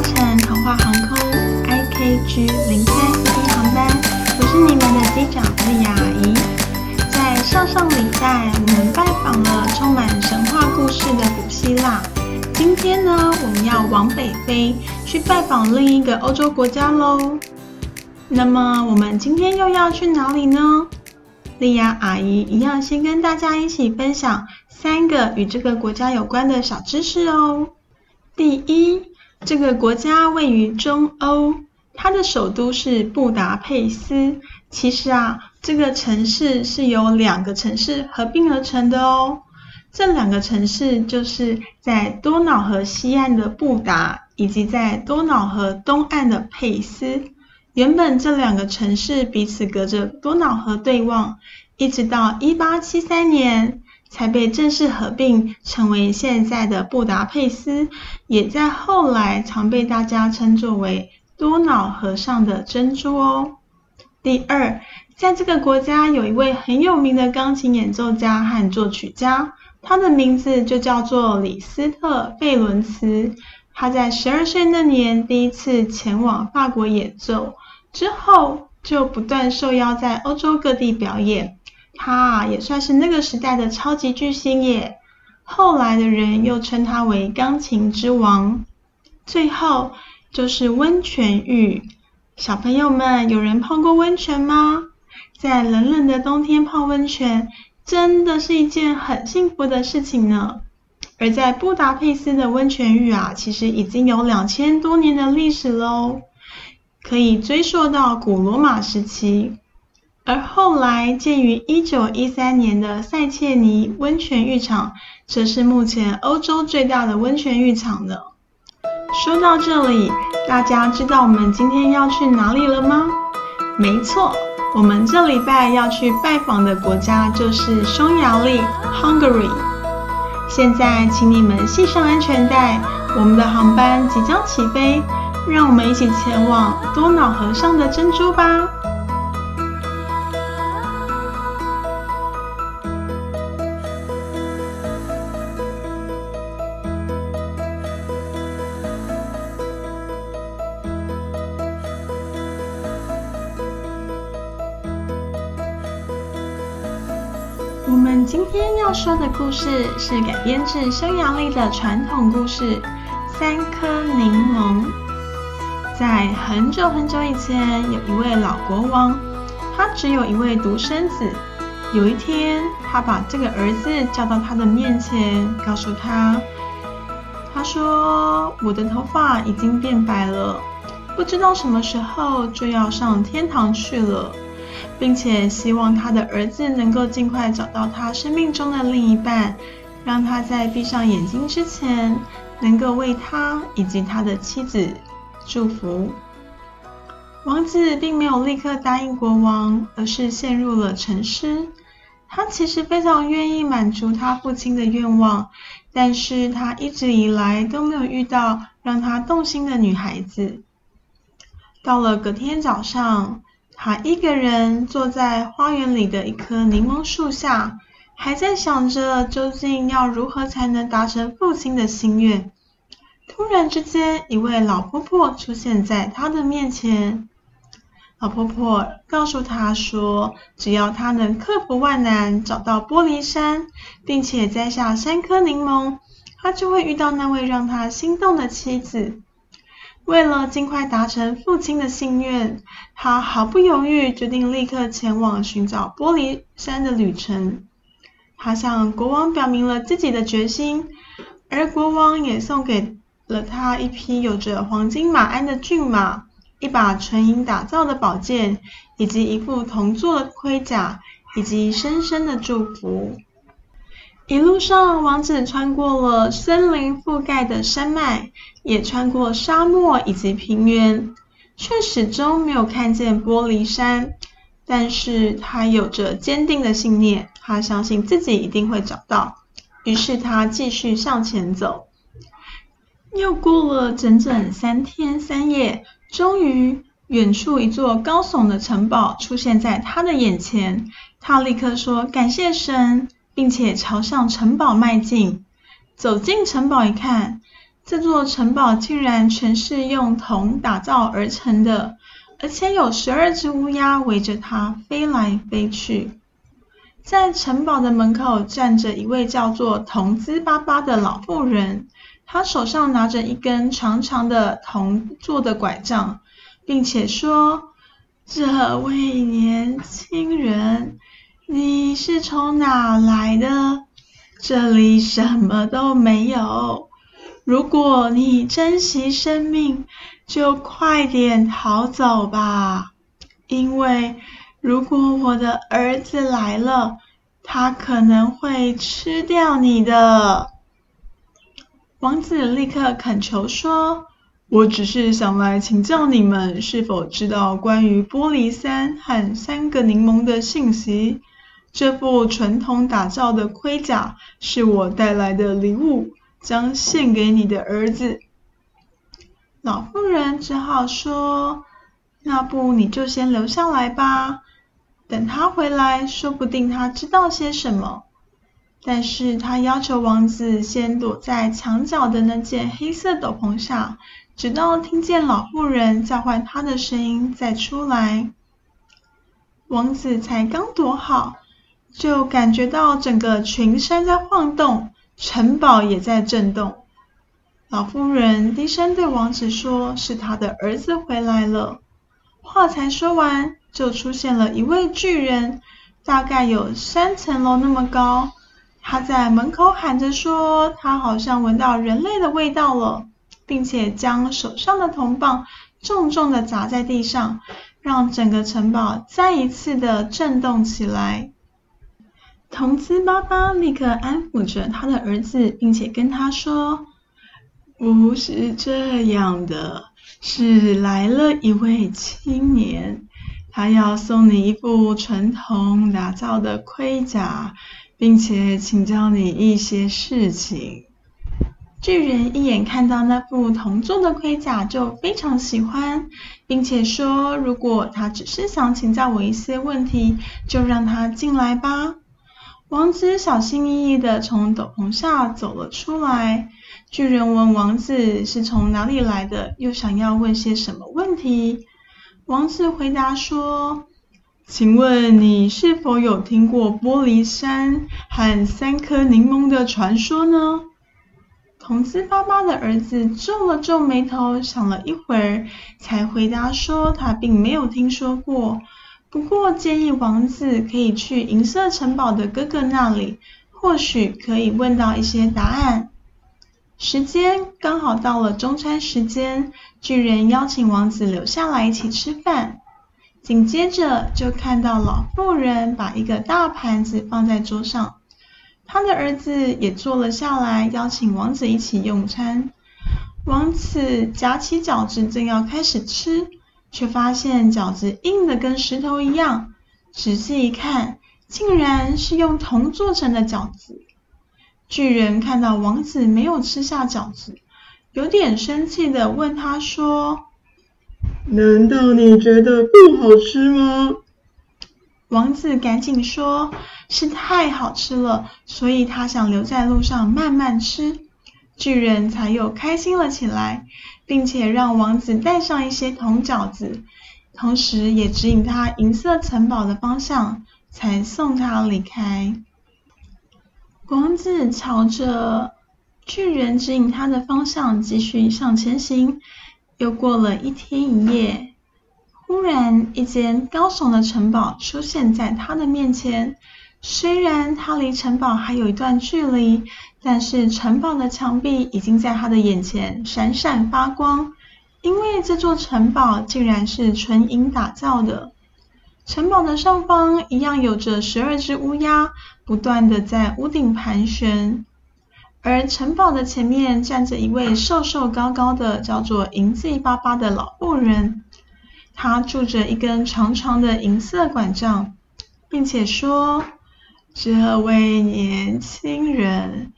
搭乘童話航空，IKG 零三四 D 航班，我是你們的機長莉婭阿姨。在上上禮拜，我們拜訪了充滿神話故事的古希臘。今天呢，我們要往北飛，去拜訪另一個歐洲國家嘍。那麼，我們今天又要去哪裡呢？莉婭阿姨一樣先跟大家一起分享三個與這個國家有關的小知識哦。第一。這個國家位於中歐，它的首都是布達佩斯。其實啊，這個城市是由兩個城市合併而成的哦。這兩個城市就是在多瑙河西岸的布達，以及在多瑙河東岸的佩斯。原本這兩個城市彼此隔着多瑙河對望，一直到一八七三年。才被正式合併成為現在的布達佩斯，也在後來常被大家稱作為多瑙河上的珍珠哦。第二，在這個國家，有一位很有名的鋼琴演奏家和作曲家，他的名字就叫做李斯特·費倫茨。他在十二歲那年第一次前往法國演奏，之後就不斷受邀在歐洲各地表演。他啊也算是那個時代的超級巨星耶，後來的人又稱他為鋼琴之王。最後就是溫泉浴，小朋友們有人泡過溫泉嗎？在冷冷的冬天泡溫泉，真的是一件很幸福的事情呢。而在布達佩斯的溫泉浴啊，其實已經有兩千多年的歷史嘍，可以追溯到古羅馬時期。而後來建於1913年的塞切尼溫泉浴場，則是目前歐洲最大的溫泉浴場了。說到這裡，大家知道我們今天要去哪裡了嗎？沒錯，我們這禮拜要去拜訪的國家就是匈牙利 （Hungary）。現在，請你們繫上安全帶，我們的航班即將起飛，讓我們一起前往多瑙河上的珍珠吧。說的故事是改編自匈牙利的傳統故事《三顆檸檬》。在很久很久以前，有一位老國王，他只有一位獨生子。有一天，他把這個兒子叫到他的面前，告訴他：“他說我的頭髮已經變白了，不知道什麼時候就要上天堂去了。”並且希望他的兒子能夠盡快找到他生命中的另一半，讓他在閉上眼睛之前能夠為他以及他的妻子祝福。王子並沒有立刻答應國王，而是陷入了沉思。他其實非常願意滿足他父親的願望，但是他一直以來都沒有遇到讓他動心的女孩子。到了隔天早上。他一個人坐在花園裡的一棵檸檬樹下，還在想着究竟要如何才能達成父親的心願。突然之間，一位老婆婆出現在他的面前。老婆婆告訴他說，只要他能克服萬難，找到玻璃山，並且摘下三顆檸檬，他就會遇到那位讓他心動的妻子。為了盡快達成父親的心願，他毫不猶豫決定立刻前往尋找玻璃山的旅程。他向國王表明了自己的決心，而國王也送給了他一匹有着黃金馬鞍的駿馬、一把純銀打造的寶劍，以及一副銅做的盔甲，以及深深的祝福。一路上，王子穿過了森林覆蓋的山脈，也穿過沙漠以及平原，卻始終沒有看見玻璃山。但是他有着堅定的信念，他相信自己一定會找到。於是他繼續向前走。又過了整整三天三夜，終於，遠處一座高聳的城堡出現在他的眼前。他立刻說：“感謝神。”並且朝向城堡邁進。走進城堡一看，這座城堡竟然全是用銅打造而成的，而且有十二隻烏鴉圍着它飛來飛去。在城堡的門口站着一位叫做銅滋巴巴的老婦人，她手上拿着一根長長的銅做的拐杖，並且說：“這位年輕人。”你是從哪來的？這裡什麼都沒有。如果你珍惜生命，就快點逃走吧！因為如果我的兒子來了，他可能會吃掉你的。王子立刻懇求說：“我只是想來請教你們，是否知道關於玻璃山和三個檸檬的信息？”這副純銅打造的盔甲是我帶來的禮物，將獻給你的兒子。老婦人只好說：“要不你就先留下來吧，等他回來，說不定他知道些什麼。”但是他要求王子先躲在牆角的那件黑色斗篷下，直到聽見老婦人叫喚他的聲音再出來。王子才剛躲好。就感覺到整個群山在晃動，城堡也在震動。老夫人低聲對王子說：“是他的兒子回來了。”話才說完，就出現了一位巨人，大概有三層樓那麼高。他在門口喊着說，他好像聞到人類的味道了，並且將手上的銅棒重重的砸在地上，讓整個城堡再一次的震動起來。童子媽媽立刻安撫着他的兒子，並且跟他說：“不是這樣的，是來了一位青年，他要送你一副純銅打造的盔甲，並且請教你一些事情。”巨人一眼看到那副銅做的盔甲就非常喜歡，並且說：“如果他只是想請教我一些問題，就讓他進來吧。”王子小心翼翼地從斗篷下走了出來。巨人問王子是從哪裡來的，又想要問些什麼問題。王子回答說：“請問你是否有聽過玻璃山和三顆檸檬的傳說呢？”童子爸爸的兒子皺了皺眉頭，想了一會兒，才回答說：“他並沒有聽說過。”不過，建議王子可以去銀色城堡的哥哥那裡，或許可以問到一些答案。時間剛好到了中餐時間，巨人邀請王子留下來一起吃飯。緊接着，就看到老婦人把一個大盤子放在桌上，她的兒子也坐了下來，邀請王子一起用餐。王子夾起餃子，正要開始吃。卻發現餃子硬的跟石頭一樣，仔細一看，竟然是用銅做成的餃子。巨人看到王子沒有吃下餃子，有點生氣的問他說：“難道你覺得不好吃嗎？”王子趕緊說：“是太好吃了，所以他想留在路上慢慢吃。”巨人才又開心了起來，並且讓王子帶上一些銅餃子，同時也指引他銀色城堡的方向，才送他離開。王子朝着巨人指引他的方向繼續向前行，又過了一天一夜，忽然一間高聳的城堡出現在他的面前。雖然他離城堡還有一段距離，但是城堡的牆壁已經在他的眼前閃閃發光。因為這座城堡竟然是純銀打造的。城堡的上方一樣有着十二隻烏鴉，不斷的在屋頂盤旋。而城堡的前面站着一位瘦瘦高高的叫做銀子巴巴的老婦人，他拄着一根長長的銀色拐杖，並且說。這位年輕人，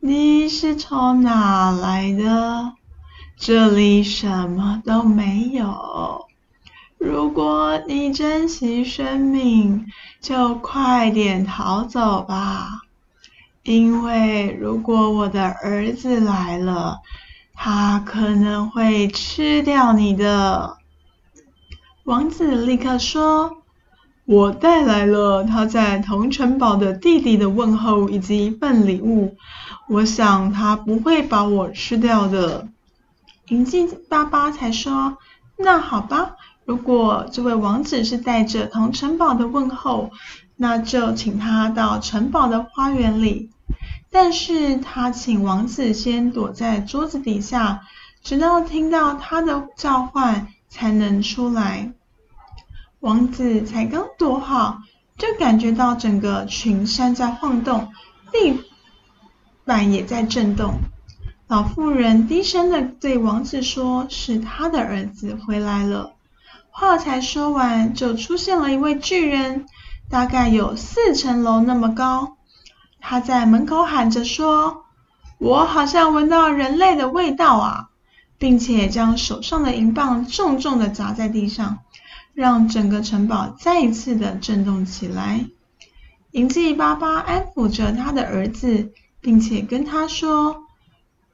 你是從哪來的？這裡什麼都沒有。如果你珍惜生命，就快點逃走吧。因為如果我的兒子來了，他可能會吃掉你的。王子立刻說。我帶來了他在銅城堡的弟弟的問候以及一份禮物。我想他不會把我吃掉的。銀杏爸爸才說：“那好吧，如果這位王子是帶着銅城堡的問候，那就請他到城堡的花園裡。但是他請王子先躲在桌子底下，直到聽到他的召喚才能出來。”王子才剛躲好，就感覺到整個群山在晃動，地板也在震動。老婦人低聲的對王子說：“是他的兒子回來了。”話才說完，就出現了一位巨人，大概有四層樓那麼高。他在門口喊着說：“我好像聞到人類的味道啊！”並且將手上的銀棒重重的砸在地上。讓整個城堡再一次的震動起來。銀繼爸爸安撫着他的兒子，並且跟他說：“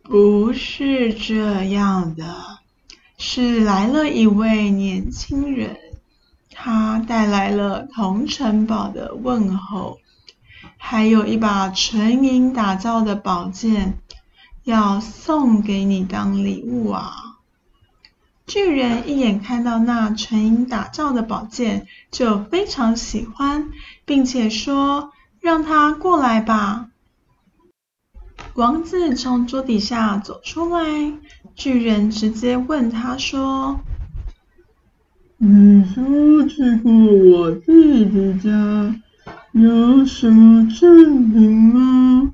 不是這樣的，是來了一位年輕人，他帶來了銅城堡的問候，還有一把純銀打造的寶劍，要送給你當禮物啊。”巨人一眼看到那純銀打造的寶劍，就非常喜歡，並且說：“讓他過來吧。”王子從桌底下走出來，巨人直接問他說：“你出去過我自己的家，有什麼證明嗎？”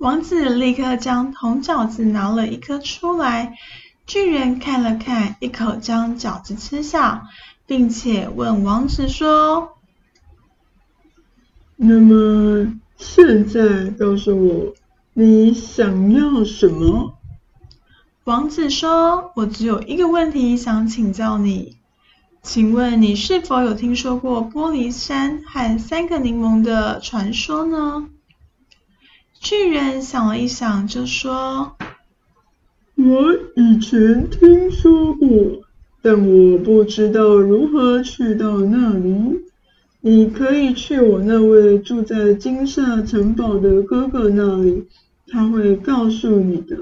王子立刻將銅餃子拿了一顆出來。巨人看了看，一口將餃子吃下，並且問王子說：“那麼，現在告訴我，你想要什麼？”王子說：“我只有一個問題想請教你，請問你是否有聽說過玻璃山和三個檸檬的傳說呢？”巨人想了一想，就說。我以前聽說過，但我不知道如何去到那裡。你可以去我那位住在金色城堡的哥哥那裡，他會告訴你的。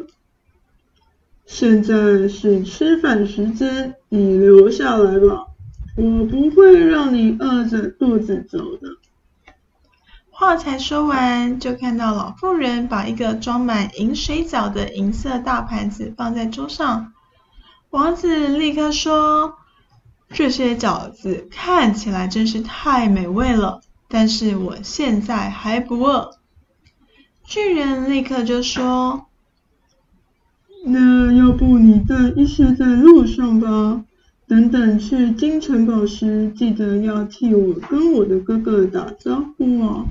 現在是吃飯時間，你留下來吧，我不會讓你餓着肚子走的。話才說完，就看到老婦人把一個裝滿銀水餃的銀色大盤子放在桌上。王子立刻說：“這些餃子看起來真是太美味了，但是我現在還不餓。”巨人立刻就說：“那要不你帶一些在路上吧？等等去金城堡時，記得要替我跟我的哥哥打招呼啊！”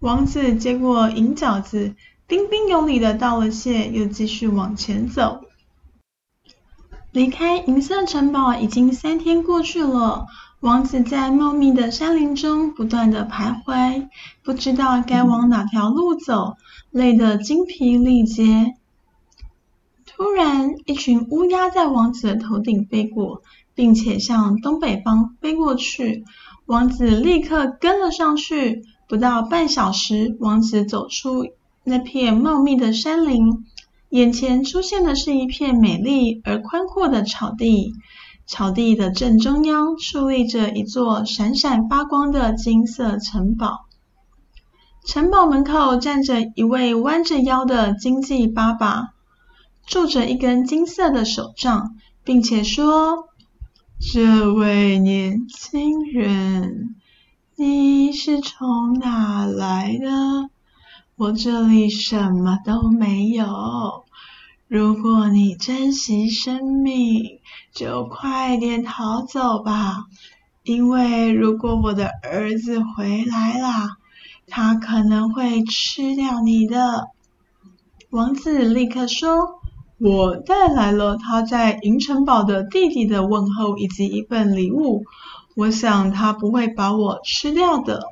王子接過銀餃子，彬彬有禮的道了謝，又繼續往前走。離開銀色城堡已經三天過去了，王子在茂密的山林中不斷的徘徊，不知道該往哪條路走，累得精疲力竭。突然，一群烏鴉在王子的頭頂飛過，並且向東北方飛過去，王子立刻跟了上去。不到半小時，王子走出那片茂密的山林，眼前出現的是一片美麗而寬闊的草地。草地的正中央矗立着一座閃閃發光的金色城堡。城堡門口站着一位彎着腰的經濟爸爸，拄著一根金色的手杖，並且說：“這位年輕人。”你是從哪來的？我這裡什麼都沒有。如果你珍惜生命，就快點逃走吧，因為如果我的兒子回來了，他可能會吃掉你的。王子立刻說：“我帶來了他在銀城堡的弟弟的問候以及一份禮物。”我想他不會把我吃掉的。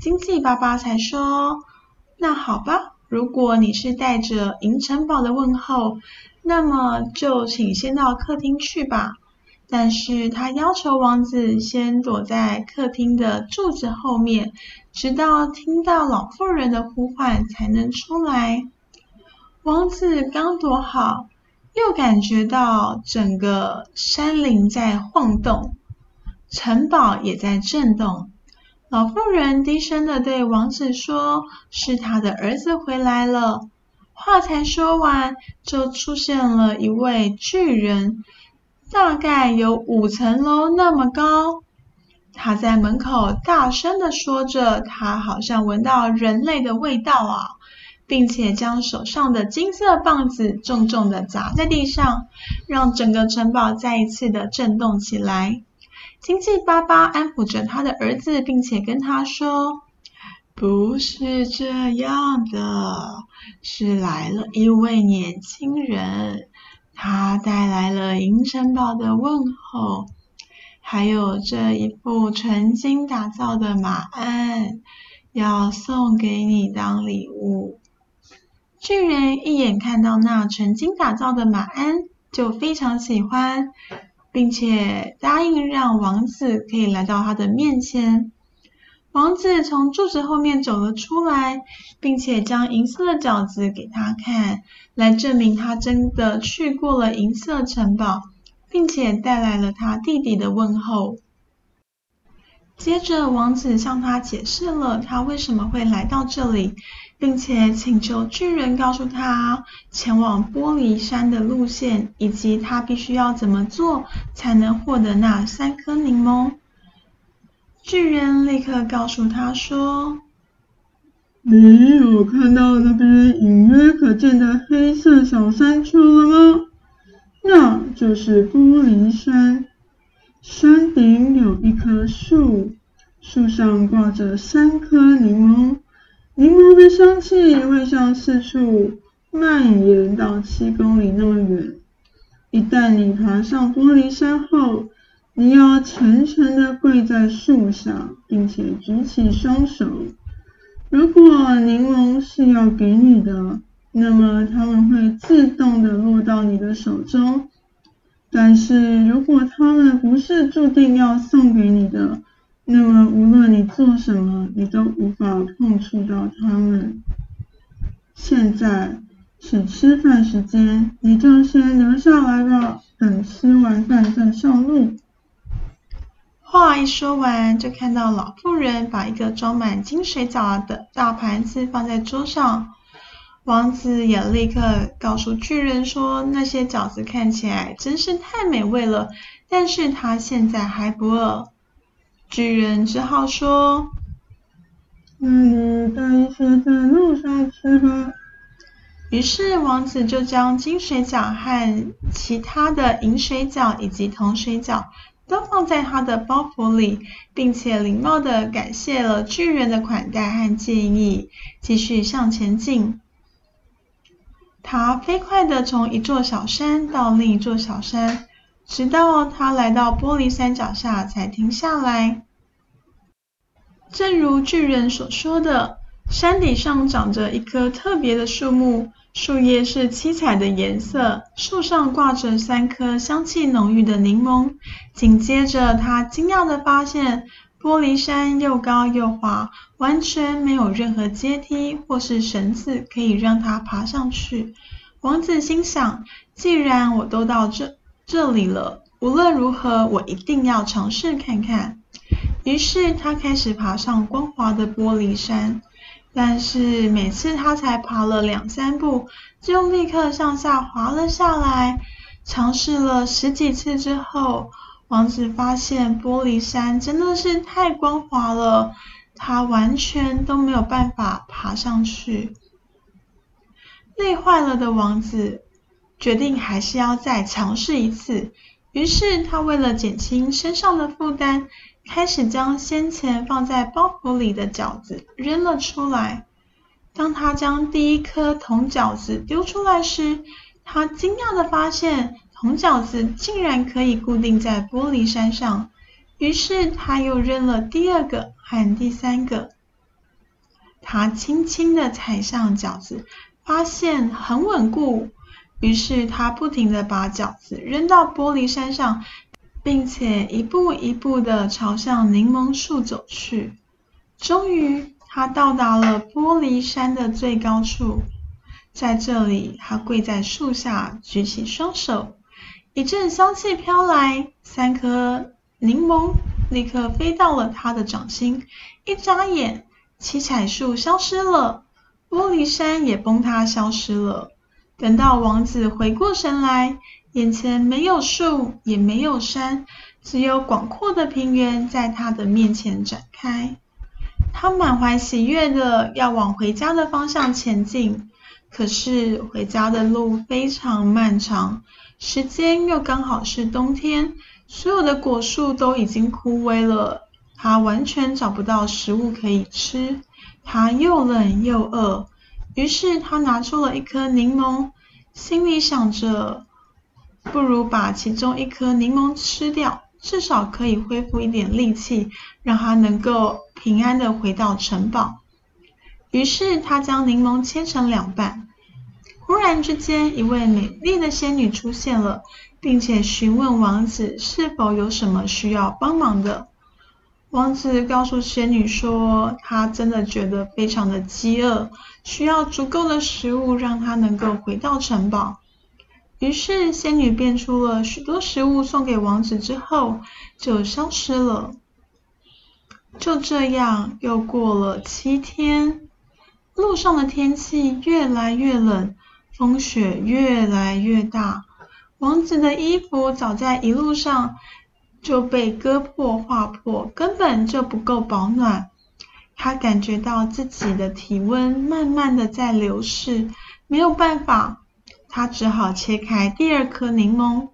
金氣爸爸才說：“那好吧，如果你是帶着銀城堡的問候，那麼就請先到客廳去吧。”但是他要求王子先躲在客廳的柱子後面，直到聽到老婦人的呼喚才能出來。王子剛躲好。又感覺到整個山林在晃動，城堡也在震動。老婦人低聲地對王子說：“是他的兒子回來了。”話才說完，就出現了一位巨人，大概有五層樓那麼高。他在門口大聲地說着：“他好像聞到人類的味道啊！”並且將手上的金色棒子重重的砸在地上，讓整個城堡再一次的震動起來。親戚爸爸安撫着他的兒子，並且跟他說：“不是這樣的，是來了一位年輕人，他帶來了銀城堡的問候，還有這一副純金打造的馬鞍，要送給你當禮物。”巨人一眼看到那純金打造的馬鞍，就非常喜歡，並且答應讓王子可以來到他的面前。王子從柱子後面走了出來，並且將銀色的餃子給他看，來證明他真的去過了銀色城堡，並且帶來了他弟弟的問候。接着，王子向他解釋了他為什麼會來到這裡。並且請求巨人告訴他前往玻璃山的路線，以及他必須要怎麼做才能獲得那三顆檸檬。巨人立刻告訴他說：“你有看到那邊隱約可見的黑色小山丘了嗎？那就是玻璃山。山頂有一棵樹，樹上掛着三顆檸檬。”檸檬的香氣會向四處蔓延到七公里那麼遠。一旦你爬上玻璃山後，你要虔誠的跪在樹下，並且舉起雙手。如果檸檬是要給你的，那麼他們會自動的落到你的手中。但是如果他們不是注定要送給你的，那麼，無論你做什麼，你都無法碰觸到他們。現在是吃飯時間，你就先留下來吧，等吃完飯再上路。話一說完，就看到老婦人把一個裝滿金水餃的大盤子放在桌上。王子也立刻告訴巨人說：“那些餃子看起來真是太美味了，但是他現在還不餓。”巨人只好說：“在路上吃吧。”於是王子就將金水餃和其他的銀水餃以及銅水餃都放在他的包袱裡，並且禮貌的感謝了巨人的款待和建議，繼續向前進。他飛快的從一座小山到另一座小山。直到他來到玻璃山腳下才停下來。正如巨人所說的，山頂上長着一棵特別的樹木，樹葉是七彩的顏色，樹上掛着三顆香氣濃郁的檸檬。緊接着，他驚訝地發現，玻璃山又高又滑，完全沒有任何階梯或是繩子可以讓他爬上去。王子心想，既然我都到這，這裡了，無論如何，我一定要嘗試看看。於是他開始爬上光滑的玻璃山，但是每次他才爬了兩三步，就立刻向下滑了下來。嘗試了十幾次之後，王子發現玻璃山真的是太光滑了，他完全都沒有辦法爬上去。累壞了的王子，決定還是要再嘗試一次。於是他為了減輕身上的負擔，開始將先前放在包袱裡的餃子扔了出來。當他將第一顆銅餃子丟出來時，他驚訝的發現銅餃子竟然可以固定在玻璃山上。於是他又扔了第二個和第三個。他輕輕的踩上餃子，發現很穩固。於是他不停地把餃子扔到玻璃山上，並且一步一步地朝向檸檬樹走去。終於，他到達了玻璃山的最高處，在這裡，他跪在樹下，舉起雙手。一陣香氣飄來，三顆檸檬立刻飛到了他的掌心。一眨眼，七彩樹消失了，玻璃山也崩塌消失了。等到王子回過神來，眼前沒有樹，也沒有山，只有廣闊的平原在他的面前展開。他滿懷喜悅的要往回家的方向前進，可是回家的路非常漫長，時間又剛好是冬天，所有的果樹都已經枯萎了，他完全找不到食物可以吃，他又冷又餓。於是他拿出了一顆檸檬，心裡想着，不如把其中一顆檸檬吃掉，至少可以恢復一點力氣，讓他能夠平安的回到城堡。於是他將檸檬切成兩半。忽然之間，一位美麗的仙女出現了，並且詢問王子是否有什麼需要幫忙的。王子告訴仙女說，他真的覺得非常的飢餓，需要足夠的食物讓他能夠回到城堡。於是仙女變出了許多食物送給王子之後就消失了。就這樣，又過了七天，路上的天氣越來越冷，風雪越來越大，王子的衣服早在一路上，就被割破、劃破，根本就不夠保暖。他感覺到自己的體溫慢慢的在流逝，沒有辦法，他只好切開第二顆檸檬。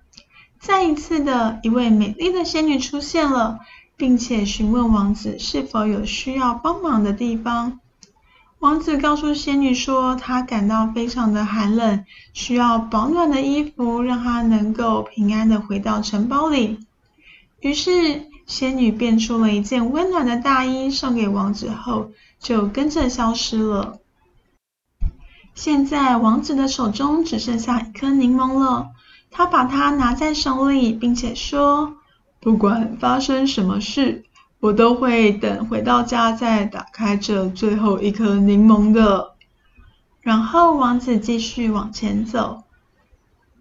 再一次的，一位美麗的仙女出現了，並且詢問王子是否有需要幫忙的地方。王子告訴仙女說，他感到非常的寒冷，需要保暖的衣服，讓他能夠平安的回到城堡裡。於是，仙女變出了一件溫暖的大衣，送給王子後，就跟着消失了。現在，王子的手中只剩下一顆檸檬了。他把它拿在手裡，並且說：“不管發生什麼事，我都會等回到家再打開這最後一顆檸檬的。”然後，王子繼續往前走，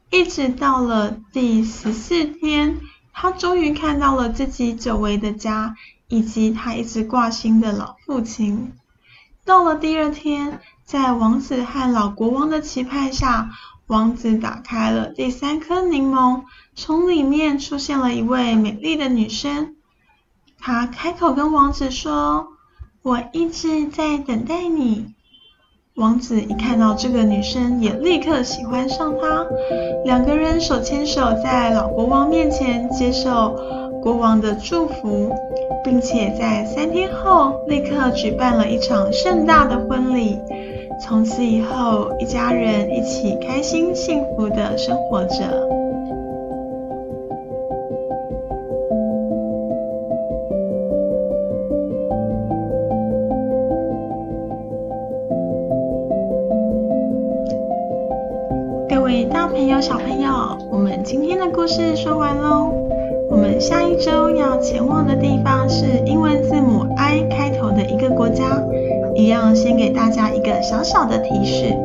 一直到了第十四天。他終於看到了自己久違的家，以及他一直掛心的老父親。到了第二天，在王子和老國王的期盼下，王子打開了第三顆檸檬，從裡面出現了一位美麗的女生。她開口跟王子說：“我一直在等待你。”王子一看到這個女生，也立刻喜歡上她。兩個人手牽手在老國王面前接受國王的祝福，並且在三天後立刻舉辦了一場盛大的婚禮。從此以後，一家人一起開心幸福的生活着。小朋友，我們今天的故事說完嘍。我們下一周要前往的地方是英文字母 I 開頭的一個國家，一樣先給大家一個小小的提示。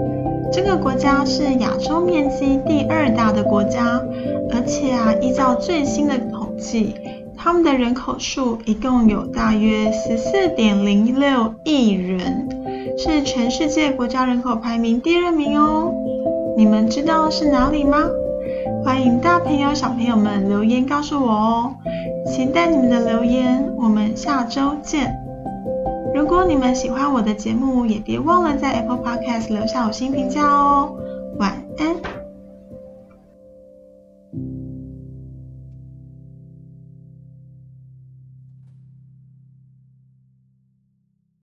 這個國家是亞洲面積第二大的國家，而且啊，依照最新的統計，他們的人口數一共有大約十四點零六億人，是全世界國家人口排名第二名哦。你們知道是哪裡嗎？歡迎大朋友小朋友們留言告訴我哦，期待你們的留言，我們下周見。如果你們喜歡我的節目，也別忘了在 Apple Podcast 留下五星評價哦。晚安。